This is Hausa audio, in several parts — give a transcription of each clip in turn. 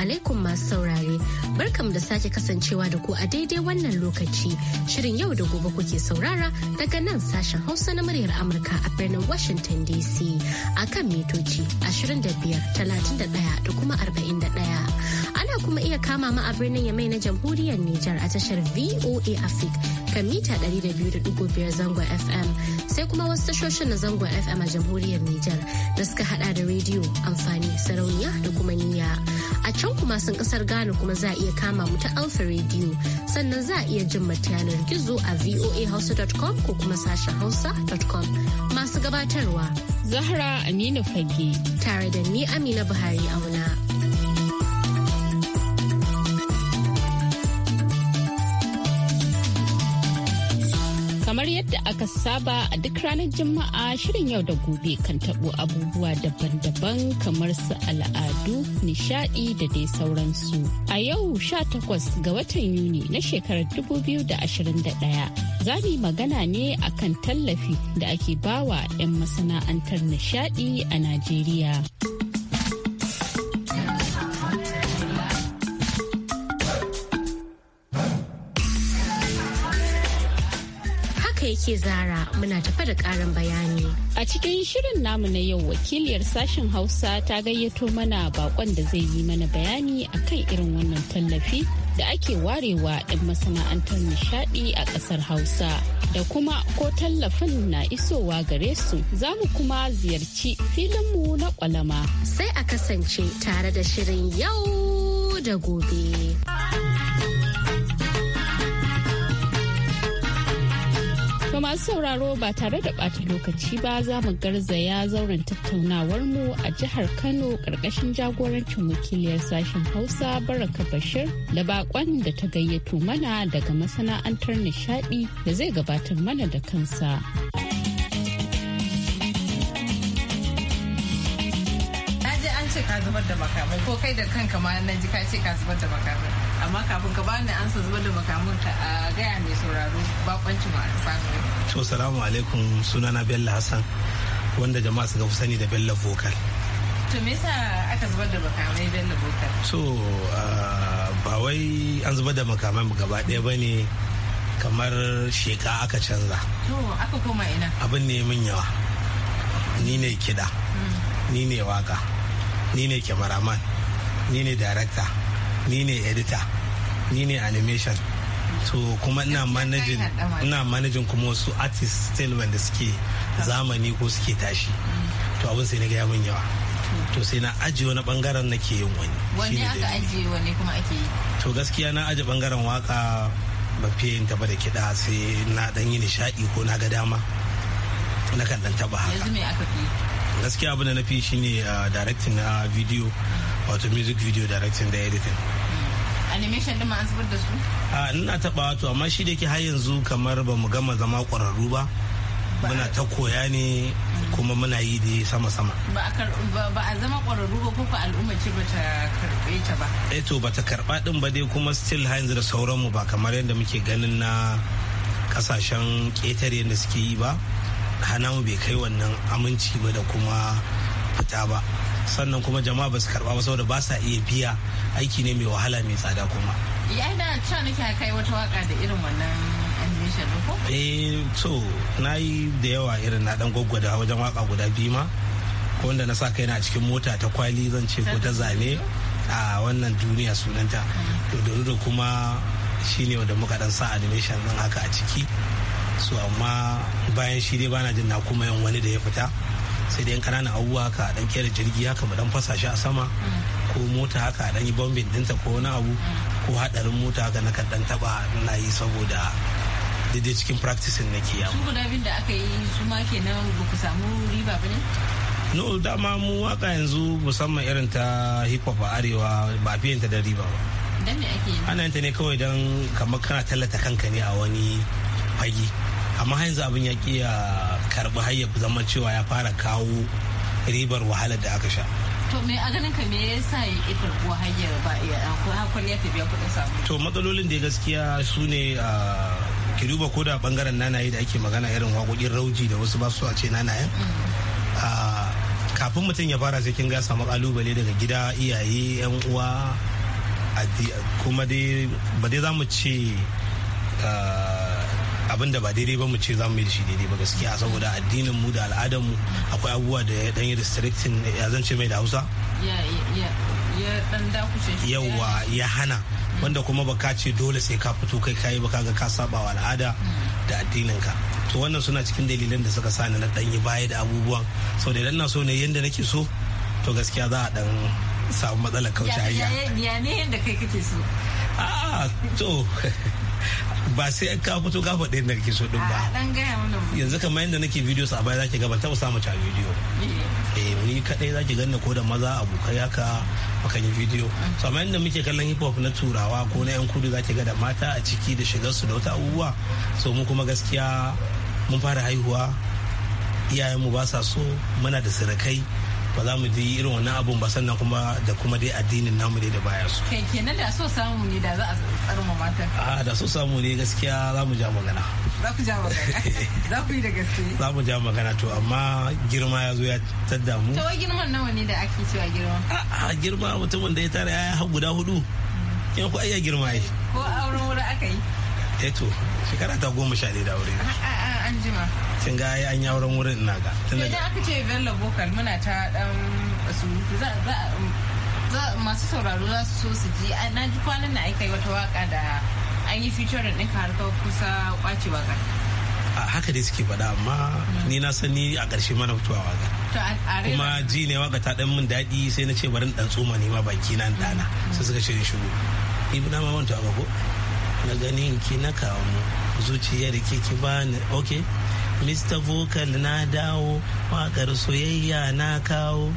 alaikum masu saurare. Barkam da sake kasancewa da ku a daidai wannan lokaci. Shirin yau da gobe kuke saurara daga nan sashen Hausa na muryar Amurka a birnin Washington DC a kan mitoci 25,31 da kuma 41. Ana kuma iya kama ma a birnin Yamai na jamhuriyar Nijar a tashar VOA Africa kan mita 200.5 zangon FM sai kuma wasu tashoshin na zangon FM a jamhuriyar Nijar da suka hada da rediyo amfani sarauniya da kuma niyya. A can kuma sun kasar Ghana kuma za a iya kama mu ta Alfa rediyo sannan za a iya jin mata yanar gizo a voahausa.com ko kuma sashen hausa.com masu gabatarwa. Zahra Aminu Fage. Tare da ni Amina Buhari auna. Kamar yadda aka saba a duk ranar Juma'a shirin yau da gobe kan tabo abubuwa daban-daban kamar su al'adu, nishadi da dai sauransu. A yau 18 ga watan Yuni na shekarar 2021 za mu magana ne akan tallafi da ake bawa 'yan masana'antar nishadi a Najeriya. yake zara muna tafa da karin bayani. A cikin shirin namu na yau wakiliyar sashen Hausa ta gayyato mana bakon da zai yi mana bayani akan irin wannan tallafi da ake warewa 'yan masana'antar nishaɗi a ƙasar Hausa. Da kuma ko tallafin na isowa gare su za mu kuma ziyarci filinmu na kwalama. Sai a kasance tare da shirin yau da gobe. masu sauraro ba tare da ɓata lokaci ba za mu garzaya zauren tattaunawar mu a jihar Kano ƙarƙashin jagorancin wakiliyar sashen Hausa Baraka Bashir da bakon da ta gayyato mana daga masana'antar nishaɗi da zai gabatar mana da kansa. ka zubar da makamai ko kai da kanka ma na ji ka ce ka zubar da makamai amma kafin ka bani ansa zuba da makamun ta a gaya mai sauraro bakwanci ma to salamu alaikum sunana bello hassan wanda jama'a suka fi sani da bello vocal to me yasa aka zubar da makamai bello vocal so ba wai an zubar da makamai gaba ɗaya ba ne kamar sheka aka canza to aka koma ina abin ne min yawa ni ne kiɗa mm. ni ne waka ni ne kyamaraman ni ne director ni ne editor ni ne animation to kuma ina managing ina managing kuma wasu artists still wanda suke ah. zamani ko suke tashi mm. to abin sai na ga yawan yawa mm. to sai na ajiye wani bangaren nake yin wani wani aka ajiye wani kuma ake yi to gaskiya na aje bangaren waka ba yin taba da kiɗa sai na dan yi nishaɗi ko na ga dama na kan dan taba haka yanzu me aka fi gaskiya abin da na fi shine ah, directing na video mm. wato music video directing da editing animation din ma an zubar da su a ina taba to amma shi da ke har yanzu kamar ba gama zama kwararru ba muna ta koya ne kuma muna yi da sama-sama ba a zama kwararru ba ko al'umma ce ba ta karbe ta ba e to ba ta karba din ba dai kuma still har yanzu da sauranmu ba kamar yadda muke ganin na kasashen ƙetare yadda suke yi ba hana mu bai kai wannan aminci ba da kuma fita ba sannan kuma jama'a ba su karba ba saboda ba sa iya biya aiki ne mai wahala mai tsada kuma yayi da cewa nake kai wata waka da irin wannan animation ko eh so nayi da yawa irin na dan gwaggwada wajen waka guda biyu ma ko wanda na sa kai na cikin mota ta kwali zan ce ko ta zane a wannan duniya sunanta to da kuma shine wanda muka dan sa animation din haka a ciki so amma bayan shi dai bana jin na kuma yin wani da ya fita sai dai kananan abubuwa ka dan kera jirgi haka mu dan fasa shi a sama ko mota haka dan yi bombin dinta ko wani abu ko hadarin mota haka na kaddan taba na yi saboda daidai cikin practicing nake yawo. Su guda da aka yi su ma kenan ba ku samu riba ba ne? no dama mu waka yanzu musamman irin ta hip hop a arewa ba fiye ta da riba ba ana yanta ne kawai dan kamar kana tallata kanka ne a wani fage amma yanzu abin ya kiya karbi har ya zama cewa ya fara kawo ribar wahalar da aka sha to me a ganin ka me yasa ya karɓi hanyar ba ya ya tafiya samu to matsalolin da gaskiya su ne ki duba ko da bangaren nanaye da ake magana irin waƙoƙin rauji da wasu ba su a ce nanayen mm. kafin mutum ya fara sai kin ga samu kalubale daga gida iyaye yan uwa kuma dai ba dai za mu ce abin da ba daidai ba mu ce za mu yi shi daidai ba gaskiya saboda addinin mu da al'adar mu akwai abubuwa da ya yi restricting ya zance mai da hausa yawa ya hana wanda kuma baka ce dole sai ka fito kai kayi baka ga ka saba wa al'ada da addinin ka. to wannan suna cikin dalilan da suka sani na yi baya da abubuwan sau da idan na so ne yanda nake so to gaskiya za a dan samu matsalar kauce hanya ya ne yadda kai kake so a to ba sai ka fito ka faɗi da kake so din ba yanzu kamar yadda nake videos a baya zaki ga ban taɓa samu ta video eh ni kadai zaki ganna ko da maza abokai haka akan yi video so amma yadda muke kallon hip hop na turawa ko na yan kudu zaki ga da mata a ciki da shigar su da wata abubuwa so mu kuma gaskiya mun fara haihuwa iyayenmu ba sa so muna da sirakai ba za mu ji irin wannan abun ba sannan kuma da kuma dai addinin namu dai da baya su. kenan da so samu ne da za a tsarma matan. a ah, da so samu ne gaskiya za mu ja magana. za ku ja magana za ku yi da gaske. za mu ja magana to amma girma ya zo ya tadda mu. to girman nawa ne da ake cewa girma. a ah, ah, girma mutumin da ya tara ya har guda hudu. kin ku ayya girma yi. ko auren wuri aka yi. eto eh shekara ta goma sha ɗaya da aure. an jima kin ga ai an yi wurin ina ga tunda aka ce Bello Vocal muna ta dan za za masu sauraro za su so su ji na ji kwanan na aika wata waka da an yi featuring din ka harkar kusa kwace waka a haka dai suke faɗa amma mm. ni na sani a ƙarshe mana fitowa waka. kuma ji ne waka ta ɗan min daɗi sai na ce bari ɗan tsoma ne ma baki nan dana. Mm. sai suka ce shiru ibina ma wanta waga ko na ganin ki na kawo mu zuciya da ki bani ok mr vocal na dawo wakar soyayya na kawo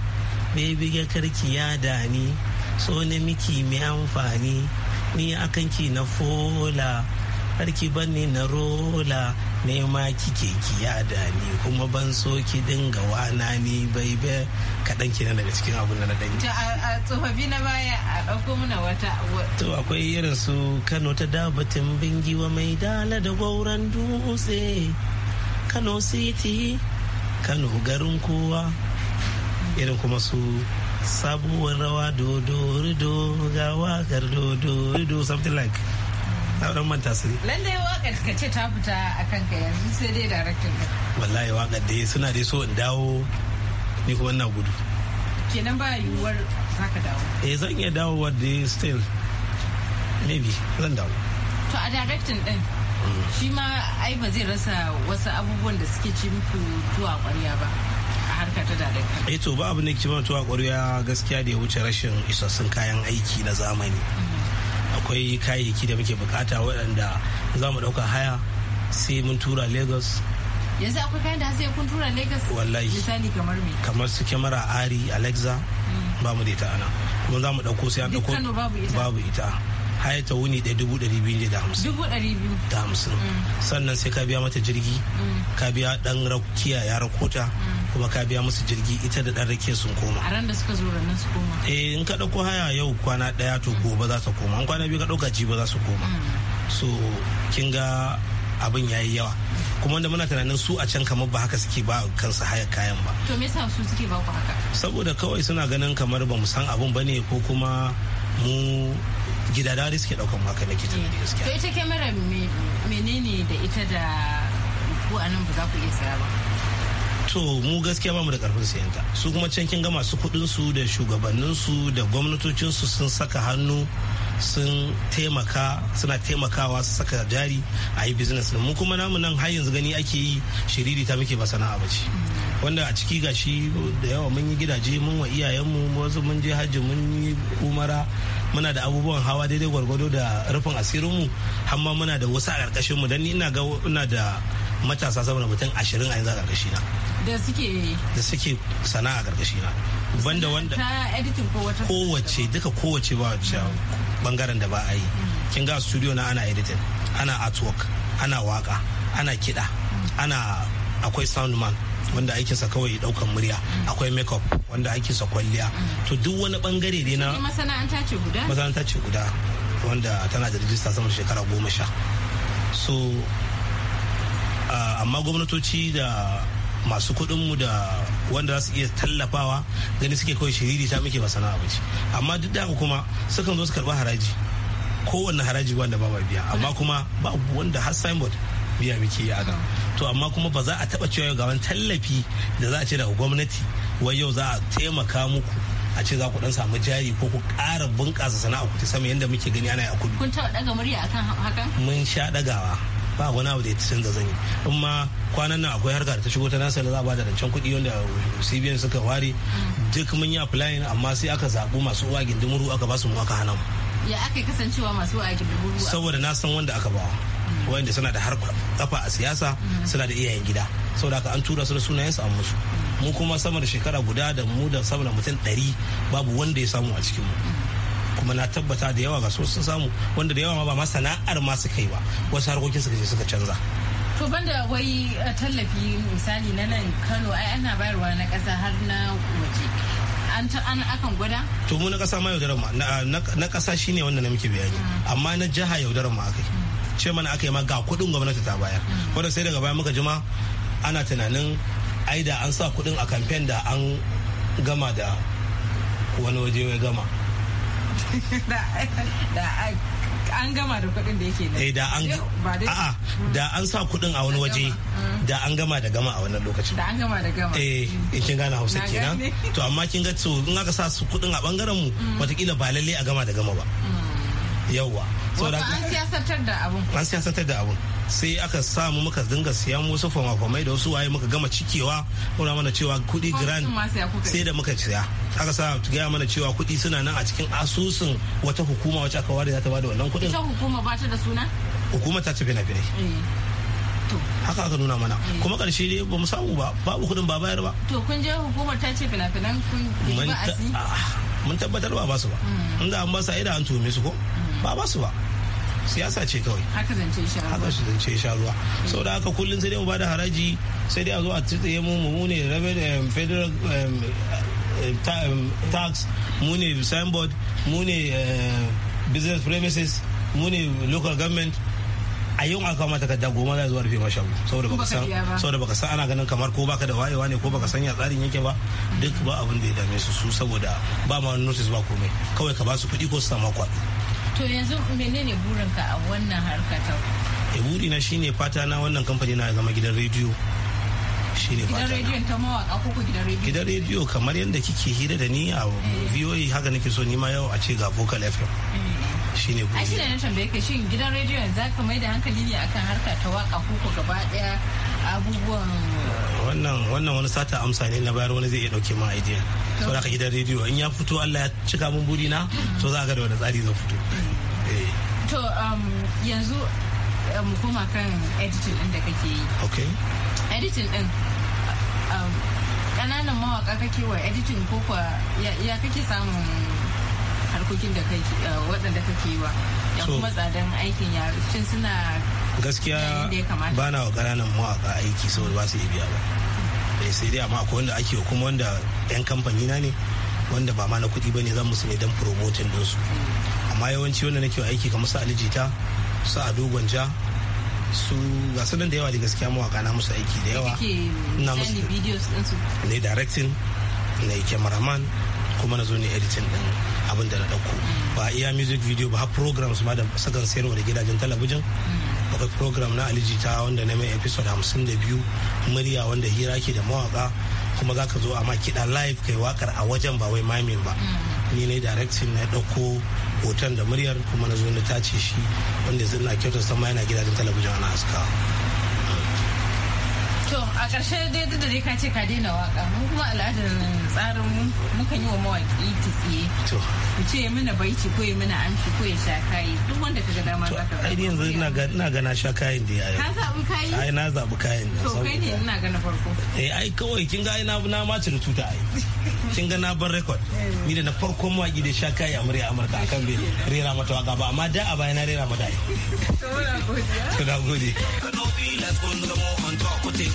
baby ga karki ya ni so na miki mai amfani ni akan ki na fola har harki banni na rola nema kike kiya da ni kuma ban so ki dinga wana ni bai bai kaɗan kenan daga cikin abun da na a tsofaffi na baya a ɗauko mana wata. to akwai irin su kano ta dabatin bingiwa mai dala da gauran dutse kano city kano garin kowa irin kuma su sabuwar rawa dodo rido gawa gar dodo rido something like na manta su ne lalle waka ka ce ta fita a kanka yanzu sai dai director wallahi wakar dai suna dai so in dawo ni kuma ina gudu kenan ba yiwuwar zaka dawo eh zan iya wa da still maybe zan dawo to a directing din mm. shi ma ai ba zai rasa wasu abubuwan da suke ci muku tuwa kwarya ba a harkar ta eh to ba abin da ke ba tuwa kwarya gaskiya da ya wuce rashin isassun kayan aiki na zamani mm. akwai kayayyaki da muke bukata waɗanda za mu ɗauka haya sai mun tura lagos yanzu akwai kayan da sai kun tura lagos wallahi misali kamar me kamar su kamera ari alexa mm. ba mu da ita ana kuma za mu ɗauko sai an ɗauko babu ita haya ta wuni ɗaya dubu ɗari biyu ne da hamsin. Dubu ɗari biyu. Da hamsin. Mm. Sannan sai ka biya mata jirgi, mm. ka biya ɗan rakiya ya rakota, mm. kuma ka biya musu jirgi ita da ɗan rakiya sun koma. A ran da suka zo ranar su koma. Eh in ka ɗauko haya yau kwana ɗaya to gobe za su koma, in kwana biyu ka ɗauka jibi za su koma. So kin ga abin ya yi yawa kuma wanda muna tunanin su a can kamar ba haka suke ba kansu haya kayan ba to me yasa su suke ba ku haka saboda kawai suna ganin kamar ba mu san abin bane ko kuma mu gida da suke daukan haka likita eh. gaskiya to ita kyamara menene da ita da ko nan ba za ku iya saya ba to mu gaskiya bamu da karfin sayan ta su kuma can kin ga masu kudin su da shugabannin su da gwamnatocin su sun saka hannu sun taimaka suna taimakawa su saka jari a yi business mu kuma namu nan har yanzu gani ake yi shiriri ta muke ba sana'a ba ce mm. wanda a ciki gashi da yawa mun yi gidaje mun wa iyayen mu mun je hajji mun yi umara muna da abubuwan hawa daidai gwargwado da rufin asirinmu hamma muna da wasu a ƙarƙashinmu mu dan ni ina ga ina da matasa saboda mutum ashirin a yanzu a ƙarƙashi na da suke da suke sana'a a ƙarƙashi na banda wanda kowace duka kowace ba wacce bangaren mm. da ba a yi mm. kin ga studio na ana editing ana artwork ana waka ana kiɗa mm. ana akwai sound man. wanda ake sa kawai daukan murya akwai makeup wanda ake sa kwalliya to duk wani bangare ne na masana'anta ce guda masana'anta ce guda wanda tana da rijista sama shekara goma sha so amma gwamnatoci da masu kuɗinmu da wanda za su iya tallafawa gani suke kawai shiriri ta muke masana a bace. amma duk da kuma sukan zo su karba haraji kowanne haraji wanda ba biya amma kuma babu wanda har signboard biya muke yi a to amma kuma ba za a taba cewa ga wani tallafi da za a ce daga gwamnati wai yau za a taimaka muku a ce za ku dan samu jari ko ku ƙara bunƙasa sana'a ku ta sama yadda muke gani ana yi a kudu. Kun taɓa ɗaga murya akan hakan? Mun sha ɗagawa. ba wani abu da ya canza zan yi in ma kwanan nan akwai harka da ta shigo ta nasa da za a bada rancen kuɗi wanda cbn suka ware duk mun yi apply amma sai aka zaɓu masu uwa gindin aka ba su mu aka hana mu ya aka kasancewa masu uwa gindin saboda na san wanda aka bawa wanda suna da har kafa a siyasa suna da iyayen gida saboda haka an tura su da sunayensu an musu mu kuma sama da shekara guda da mu da sama da mutum ɗari babu wanda ya samu a cikin mu kuma na tabbata da yawa ga su sun samu wanda da yawa ma ba ma sana'ar ma suka yi ba wasu harkokin suka je suka canza to banda wai eh, tallafi misali na nan kano ai ana bayarwa na ƙasa har na waje an akan gwada to mu na ƙasa ma yaudarar ma na ƙasa shine wanda na muke bayani ah. amma na jiha yaudarar ma akai ce mana aka yi ma ga kuɗin gwamnati ta bayar wanda sai daga baya muka jima ana tunanin ai da an sa kuɗin a kamfen da an gama da wani waje ya gama an gama da kuɗin da yake eh da an sa kuɗin a wani waje mm. da an gama da gama a wannan lokacin da an gama da gama eh kin gane Hausa kenan to amma kin ga to in aka sa su kuɗin a bangaren mu mm. watakila ba lalle a gama da gama ba mm. yawwa saboda an siyasantar da abun an siyasantar da abun sai aka samu muka dinga siyan wasu fama-famai da wasu waye muka gama cikewa kuma mana cewa kudi grand sai da muka siya aka sa gaya mana cewa kudi suna nan a cikin asusun wata hukuma wacce aka ware za ta bada wannan kudin ita hukuma ba ta da suna hukuma ta ci fina-finai eh. haka aka nuna mana eh. kuma karshe dai ba mu samu ba babu kudin ba bayar ba to kun je hukumar ta ce fina-finan kun yi ba ah, mun tabbatar ba ba su ba mm. inda an ba sa ida an tuhume su ko mm. ba ba su ba siyasa ce kawai haka zance sha ruwa sau da haka kullum sai dai mu bada haraji sai dai a zo a tsitsaye mu mu ne federal tax mu ne signboard mu ne business premises mu ne local government a yi aka mata takarda goma za zuwa rufe ma shago saboda baka san baka san ana ganin kamar ko baka da wayewa ne ko baka sanya tsarin yake ba duk ba abin da ya dame su su saboda ba ma notice ba komai kawai ka ba su kuɗi ko su samu kwaɗo to yanzu menene burinka a wannan harka ta e burina shine fata na wannan kamfani na zama gidan rediyo shine gidan rediyo ta mawaka ko gidan rediyo gidan rediyo kamar yadda kike hira da ni a eh. VOA haka nake so ni ma yau a ce ga Vocal FM eh. shine burina a shine na tambaye ka shin gidan rediyon za ka mai da hankali ne akan harka ta waka ko gaba daya abubuwan wannan wannan wani sata amsa ne na bayar wani zai iya dauke ma idiya so da ka gidan rediyo in ya fito Allah ya cika mun buri na to za ga da wani tsari zai fito eh. to um, yanzu mu um, koma kan editing din da kake yi okay editing din kananan um, mawaka kake wa editing ko kwa ya kake samun harkokin da kake uh, waɗanda kake yi wa ya kuma tsadan aikin ya cin suna gaskiya ba na wa ƙananan mawaƙa aiki saboda ba su iya biya ba eh, sai dai amma akwai wanda ake kuma wanda 'yan kamfani na ne wanda ba ma na kuɗi ba ne zan musu ne don promoting ɗinsu amma yawanci wanda nake aiki kamar su alijita su ado gwanja su gasu da yawa da gaskiya mawaka na musu aiki da yawa na musu ne directing na cameraman kuma na zo ne editing din abin da na dauko ba iya music video ba har programs ma da sakan sayarwa da gidajen talabijin mm. akwai program na alijita wanda na mai episode 52 murya wanda hira ke da mawaka kuma za ka zo a ma kiɗa live kai wakar a wajen ba wai mamin ba mm-hmm. ni ne directing na ɗauko hoton da muryar kuma na zo na tace shi wanda zai na kyautar sama yana gidajen talabijin ana haskawa To a ƙarshe dai duk da dai ka ce ka daina waka mun kuma al'adar tsarin mu mukan yi wa mawaƙi tsiye. To. Ku ce mana baiti ko ya mana amshi ko ya sha kayi duk wanda ka ga dama za ka. Ai yanzu ina ga ina ga na sha kayan da ya yi. Ka zaɓi kayi? Ai na zaɓi kayan. To kai ne ina ga na farko. Eh ai kawai kin ga ina na ma cire tuta ai. Kin ga na bar record. Ni da na farko mawaƙi da sha kayi a murya Amurka akan bai rera mata waka ba amma da a baya na rera mata ai. To na gode. To na gode.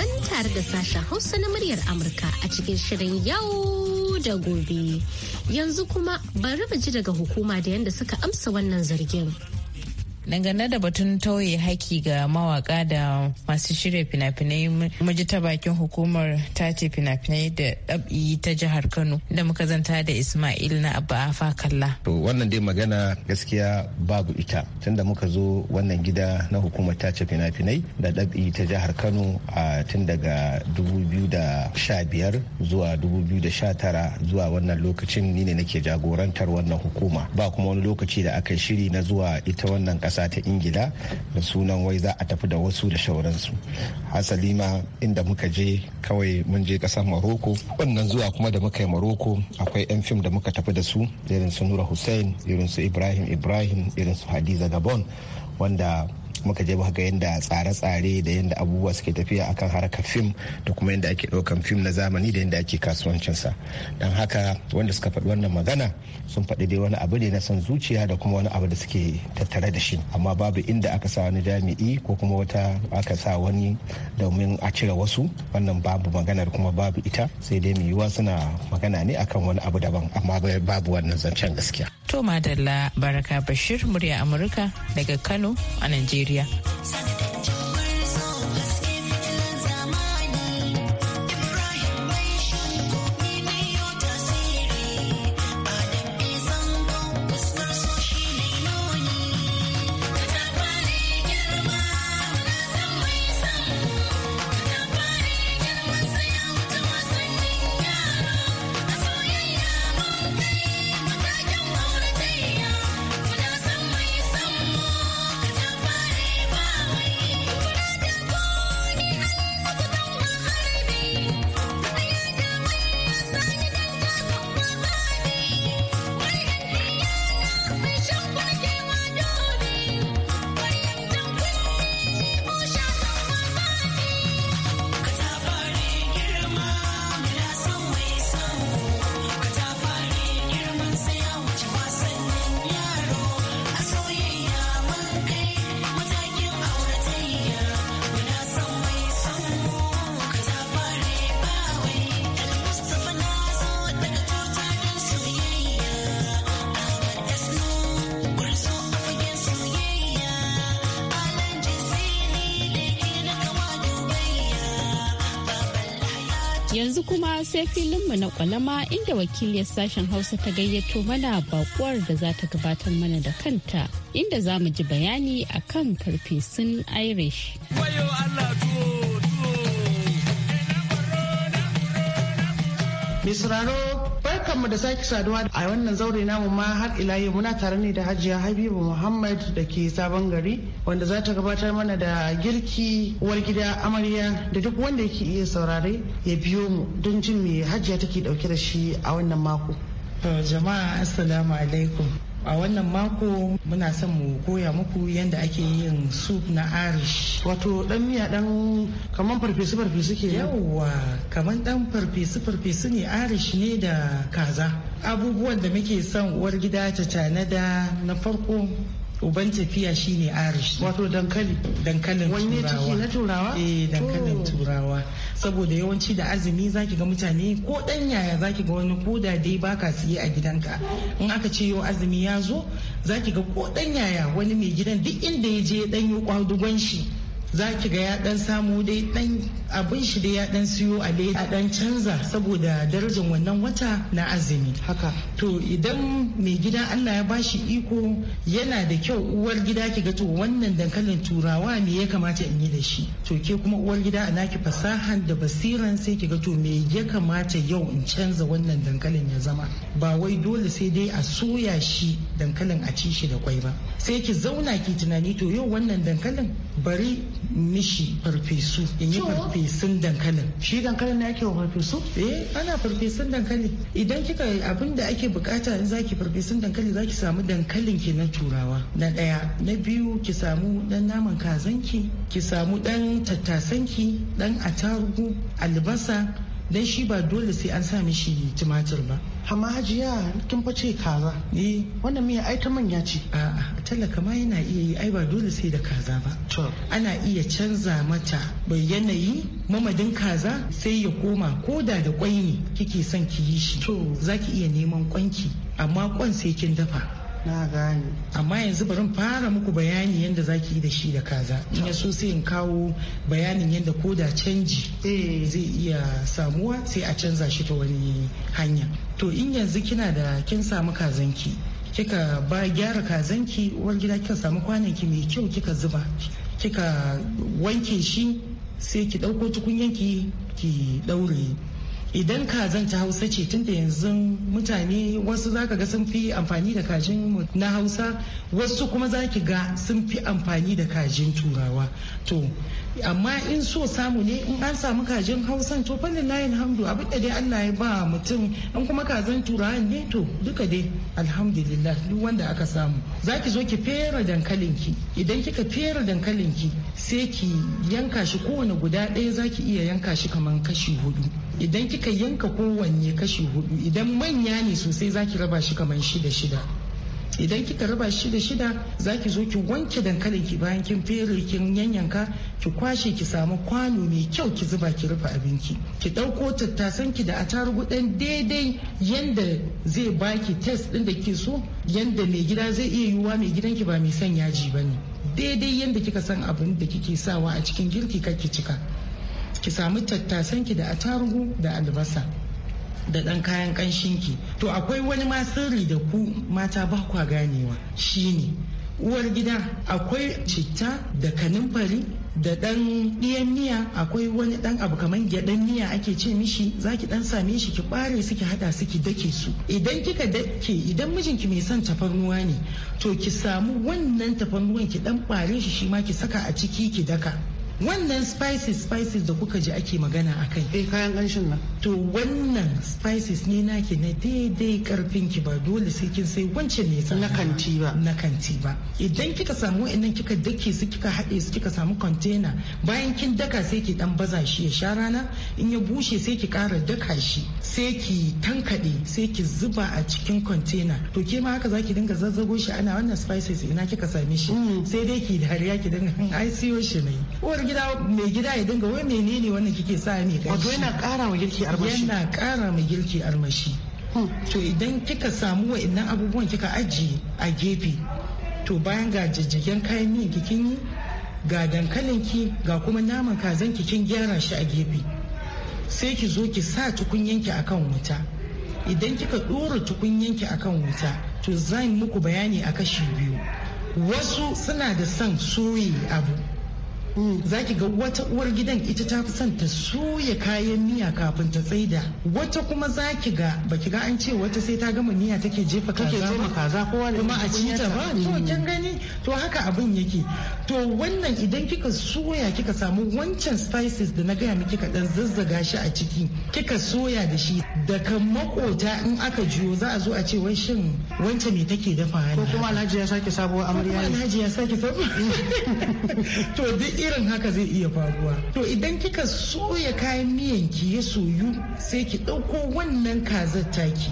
nan tare da sashen Hausa na muryar Amurka a cikin shirin yau da gobe. Yanzu kuma bari mu ji daga hukuma da yadda suka amsa wannan zargin. dangane da batun tauye haki ga mawaka da masu shirya fina-finai mu ta bakin hukumar tace fina-finai da ɗabi ta jihar kano da muka zanta da ismail na abu afa kalla to wannan dai magana gaskiya babu ita tunda muka zo wannan gida na hukumar tace fina-finai da ɗabi ta jihar kano a tun daga 2015 zuwa 2019 zuwa wannan lokacin ni ne nake jagorantar wannan hukuma ba kuma wani lokaci da aka shiri na zuwa ita wannan ƙasa ƙasa ta ingila da sunan wai za a tafi da wasu da shauransu hasali ma inda muka je kawai mun je ƙasar maroko wannan zuwa kuma da muka yi maroko akwai 'yan fim da muka tafi da su irin su nura hussein irin su ibrahim ibrahim irin su hadiza gabon wanda muka je muka ga yadda tsare-tsare da yadda abubuwa suke tafiya akan harkar fim da kuma yadda ake ɗaukan fim na zamani da yadda ake kasuwancinsa don haka wanda suka faɗi wannan magana sun faɗi dai wani abu ne na son zuciya da kuma wani abu da suke tattare da shi amma babu inda aka sa wani jami'i ko kuma wata aka sa wani domin a cire wasu wannan babu maganar kuma babu ita sai dai mai yiwuwa suna magana ne akan wani abu daban amma babu wannan zancen gaskiya. To Madalla Baraka Bashir murya Amurka daga Kano a Najeriya. Yeah. sai sai filinmu na kwalama inda wakiliyar sashen hausa ta gayyato mana bakuwar da za ta gabatar mana da kanta inda za mu ji bayani akan farfesun irish. Mai sauraro mu da sake saduwa a wannan zaure namu ma har ila yau muna tare ne da Hajiya Habibu Muhammad da ke sabon gari wanda za ta gabatar mana da girki uwar gida amarya da duk wanda yake iya saurare ya biyo mu don jin me Hajiya take dauke da shi a wannan mako. jama'a assalamu alaikum a wannan mako muna son mu koya muku yadda ake yin soup na irish wato dan miya dan kaman farfesu farfesu ke yawwa kaman dan farfesu farfesu ne irish ne da kaza abubuwan da muke son uwar gida ta tanada na farko uban tafiya shine irish wato dankali dankalin wani ciki na turawa eh dankalin oh. turawa saboda yawanci da azumi zaki ga mutane ko dan yaya zaki ga wani ko da dai baka siye a gidanka in aka ce yau azumi ya zo zaki ga ko dan yaya wani mai gidan duk inda ya je ya danyo kwadugon shi za ki ga ya dan samu dai dan abin shi dai ya dan siyo a dai a dan canza saboda darajar wannan wata na azumi haka to idan mai gida Allah ya bashi iko yana da kyau uwar gida ki ga to wannan dankalin turawa me ya kamata in yi da shi to ke kuma uwar gida a naki fasahan da basiran sai ki ga to me ya kamata yau in canza wannan dankalin ya zama ba wai dole sai dai a soya shi dankalin a ci shi da kwai ba sai ki zauna ki tunani to yau wannan dankalin bari mishi farfesu in yi farfesun dankalin shi dankalin na ake wa farfesu eh ana farfesun dankali idan kika abin da ake bukata in zaki farfesun dankali zaki samu dankalin ki na turawa na daya na biyu ki samu dan naman kazanki ki samu dan tattasanki dan atarugu albasa dan shi ba dole sai an sa mishi tumatir ba amma hajiya kin fice kaza e. wannan miya ai ta manya ce a'a talaka ma yana iya yi ai ba dole sai da kaza ba to ana iya canza mata bai yanayi mamadin kaza sai ya koma koda da kwai ne kike son ki yi shi to zaki iya neman kwanki amma kwan sai kin dafa na gane amma yanzu bari fara muku bayani yadda ki yi da shi da kaza in ya so sai in kawo bayanin yadda ko da canji eh. zai iya samuwa sai a canza shi ta wani hanya to in yanzu kina da kin samu kazanki kika ba gyara kazanki uwar gida kika samu kwanaki mai kyau kika zuba kika wanke shi sai ki ɗauko tukunyanki ki ɗaure idan kazan ta hausa ce tunda yanzu mutane wasu zaka ga sun fi amfani da kajin na hausa wasu kuma zaki ga sun fi amfani da kajin turawa to amma in so samu ne in an samu kajin hausan to fannin layin hamdu abin da dai allah ya ba mutum in kuma kazan turawa ne to duka dai alhamdulillah duk wanda aka samu zaki zo ki fera dankalin ki idan kika fera dankalin ki sai ki yanka shi kowane guda ɗaya zaki iya yanka shi kamar kashi hudu idan kika yanka kowanne kashi hudu idan manya ne sosai zaki raba shi kamar shida shida idan kika raba shi da shida za ki zo ki wanke dankalin ki bayan kin fere kin yanyanka ki kwashe ki samu kwano mai kyau ki zuba ki rufe abinki ki ɗauko tattasanki ki da atarugu dan daidai yanda zai baki test ɗin da ke so yanda mai gida zai iya yiwuwa mai gidan ki ba mai son yaji ba ne daidai yanda kika san abin da kike sawa a cikin girki ki cika ki samu tattasanki da atarugu da albasa da ɗan kayan ƙanshinki to akwai wani ma sirri da ku mata ba kwa ganewa shine uwar gida akwai citta da kanumfari da ɗan ɗiyan miya akwai wani ɗan abu kamar gyaɗan miya ake ce mishi zaki ki ɗan same shi ki ɓare su ki haɗa su ki dake su idan kika dake idan mijinki mai son tafarnuwa ne to ki samu wannan tafarnuwan ki ɗan ɓare shi shi ma ki saka a ciki ki daka wannan spices spices da kuka ji ake magana a kai eh kayan ƙanshin nan to wannan spices ne ke na daidai karfin ki ba dole sai kin sai wancan ne na kanti ba na kanti ba idan kika samu wa'annan kika dake su kika haɗe su kika samu container bayan kin daka sai ki dan baza shi ya sha rana in ya bushe sai ki ƙara daka shi sai ki tankaɗe sai ki zuba a cikin container to ke ma haka zaki dinga zazzago shi ana wannan spices ina kika same shi mm. sai dai ki dariya ki dinga an siyo shi ne gida mai gida ya dinga wai menene wannan kike sa mai kanshi wato yana kara wa girki armashi yana kara ma girki armashi hmm. to idan kika samu wa'annan abubuwan kika ajiye a gefe to bayan ga jijjigen kayan miyan kikin yi ga dankalin ki ga kuma naman kazan kikin gyara shi a gefe sai ki zo ki sa ki akan wuta idan kika dora ki akan wuta to zan muku bayani a kashi biyu wasu suna da son soye abu za ki ga wata uwar gidan ita ta fi son ta soya kayan miya kafin ta tsaida wata kuma za ki ga baki ga an ce wata sai ta gama miya take jefa kaza kuma a ci ta ba mm. to kin gani to haka abin yake to wannan idan kika soya kika samu wancan spices da na gaya miki dan zazzaga shi a ciki kika soya da shi daga makota in aka jiyo za a zo a ce wai shin wancan me take dafa ko kuma alhaji ya sake sabuwar amarya ko kuma alhaji ya sake sabuwar to duk irin haka zai iya faruwa to idan kika soya kayan miyan ki ya soyu sai ki ɗauko wannan kazar taki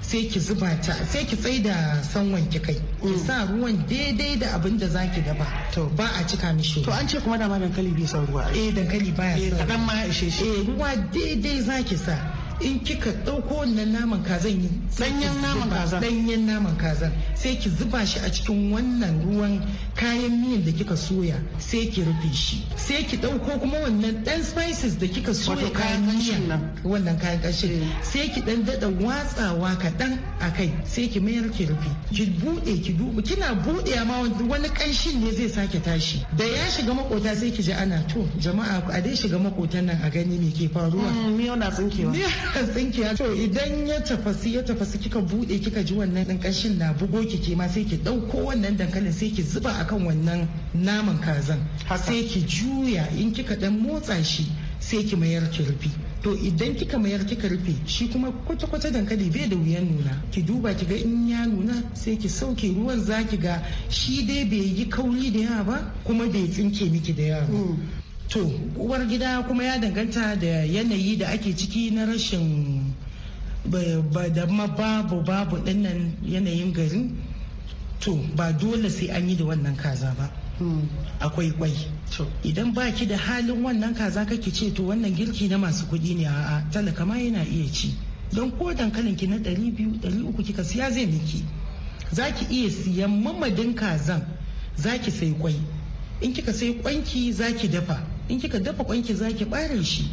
sai ki zuba ta sai ki tsai da sanwan ki kai ki mm. sa ruwan daidai da abin da zaki dafa to ba a cika mishi to an ce kuma dama dankali bai son ruwa eh dankali baya eh, son ruwa kadan ma ya ishe shi eh ruwa daidai zaki sa in kika ɗauko wannan naman kazan yi ɗanyen naman kazan ɗanyen naman kazan sai ki zuba shi a cikin wannan ruwan kayan miyan da kika soya sai ki rufe shi sai ki ɗauko kuma wannan ɗan spices da kika soya kayan miyan wannan kayan ƙanshin eh. sai ki ɗan daɗa watsawa kaɗan a kai sai ki mayar ki rufe ki buɗe ki dubu kina buɗe ma wani ƙanshin ne zai sake tashi da ya shiga makota sai ki ji ana to jama'a a dai shiga makotan nan a gani me ke faruwa mm, miyau na tsinkewa kan tsinkiya to idan ya tafasi ya tafasi kika bude kika ji wannan din kashin na bugo ki ke ma sai ki ɗauko wannan dankalin sai ki zuba akan wannan naman kazan sai ki juya in kika dan motsa shi sai ki mayar ki rufe to idan kika mayar kika rufe shi kuma kwata-kwata dankali bai da wuyan nuna ki duba ki ga in ya nuna sai ki sauke ruwan zaki ga shi dai bai yi kauri da yawa ba kuma bai tsinke miki da yawa mm. To, uwar gida kuma ya danganta da yanayi da ake ciki na rashin da babu babu dinnan yanayin garin. To, ba dole sai an yi da wannan kaza ba. Hmm. Akwai kwai. Idan ba ki da halin wannan kaza kake ce to wannan girki na masu kuɗi ne a talaka ma yana iya ci. Don ko dankalin ki na ɗari biyu, ɗari uku kika siya zai miki. Za ki iya siyan mamadin kazan, za ki sai kwai. In kika sai kwanki za ki dafa. in kika dafa kwanki zaki bare shi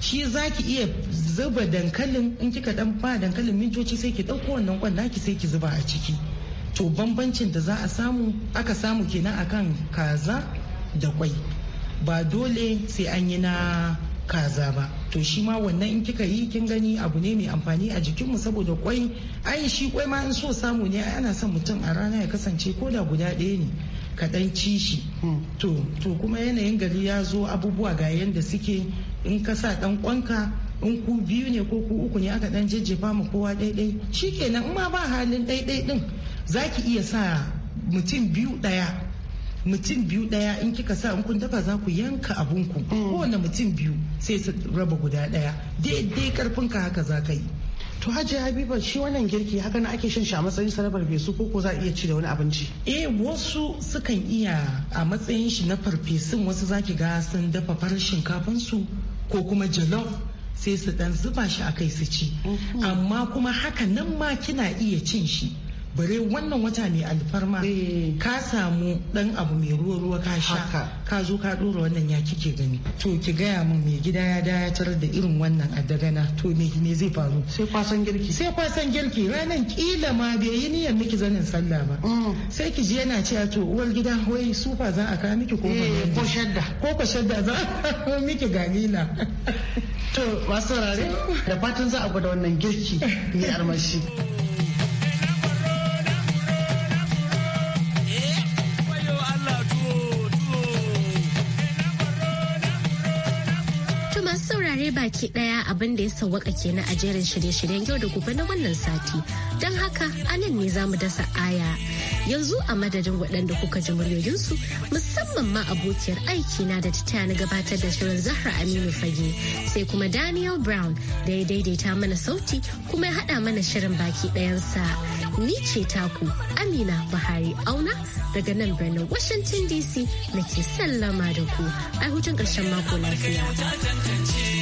shi zaki iya zuba dankalin in kika dan ba dankalin mintoci sai ki dauko wannan kwan naki sai ki zuba a ciki to bambancin da za a samu aka samu kenan akan kaza da kwai ba dole sai an yi na kaza ba to shi ma wannan in kika yi kin gani abu ne mai amfani a jikinmu saboda kwai ai shi kwai ma in so samu ne ana son mutum a rana ya kasance koda guda ɗaya ne kaɗan ci shi hmm. to to kuma yanayin gari ya zo abubuwa ga yanda suke in ka sa ɗan kwanka in ku biyu ne ko ku uku ne aka ɗan jajjefa mu kowa ɗaiɗai kenan in ma ba halin ɗaiɗai ɗin za ki iya sa mutum biyu ɗaya mutum biyu daya in kika sa in kun dafa za ku yanka abunku hmm. kowane mutum biyu sai su raba guda daya daidai karfinka haka za ka yi To Hajiya Habiba shi wannan girki haka na ake shan shi a matsayin sa Fesu, ko ko za a iya ci da wani abinci? Eh wasu sukan iya a matsayin shi na farfesun wasu zaki ga sun dafa farar shinkafin su ko kuma jalof sai su dan zuba shi a kai su ci. Mhm. Amma kuma haka nan ma kina iya cin shi. bare wannan wata mai alfarma eh. ka samu dan abu mai ruwa ruwa ka sha ka zo ka dora wannan ya kike gani to ki gaya min mai gida ya dayatar da irin wannan adagana to me me zai faru sai kwasan girki sai kwasan girki ranan kila ma bai yi niyyar miki zanin sallah ba mm. sai ki ji yana cewa to uwar gida wai sufa za a ka miki ko eh, ko shadda ko ko shadda za a miki galila to masu da fatan za a gwada wannan girki mai armashi baki daya abin da ya sauwaka kenan a jerin shirye-shiryen yau da gobe na wannan sati don haka anan ne za mu dasa aya yanzu a madadin waɗanda kuka ji muryoyinsu musamman ma abokiyar aiki na da ta na gabatar da shirin zahra aminu fage sai kuma daniel brown da ya daidaita mana sauti kuma ya haɗa mana shirin baki ɗayansa ni ce taku amina buhari auna daga nan birnin washington dc na ke sallama da ku ai hutun ƙarshen mako lafiya.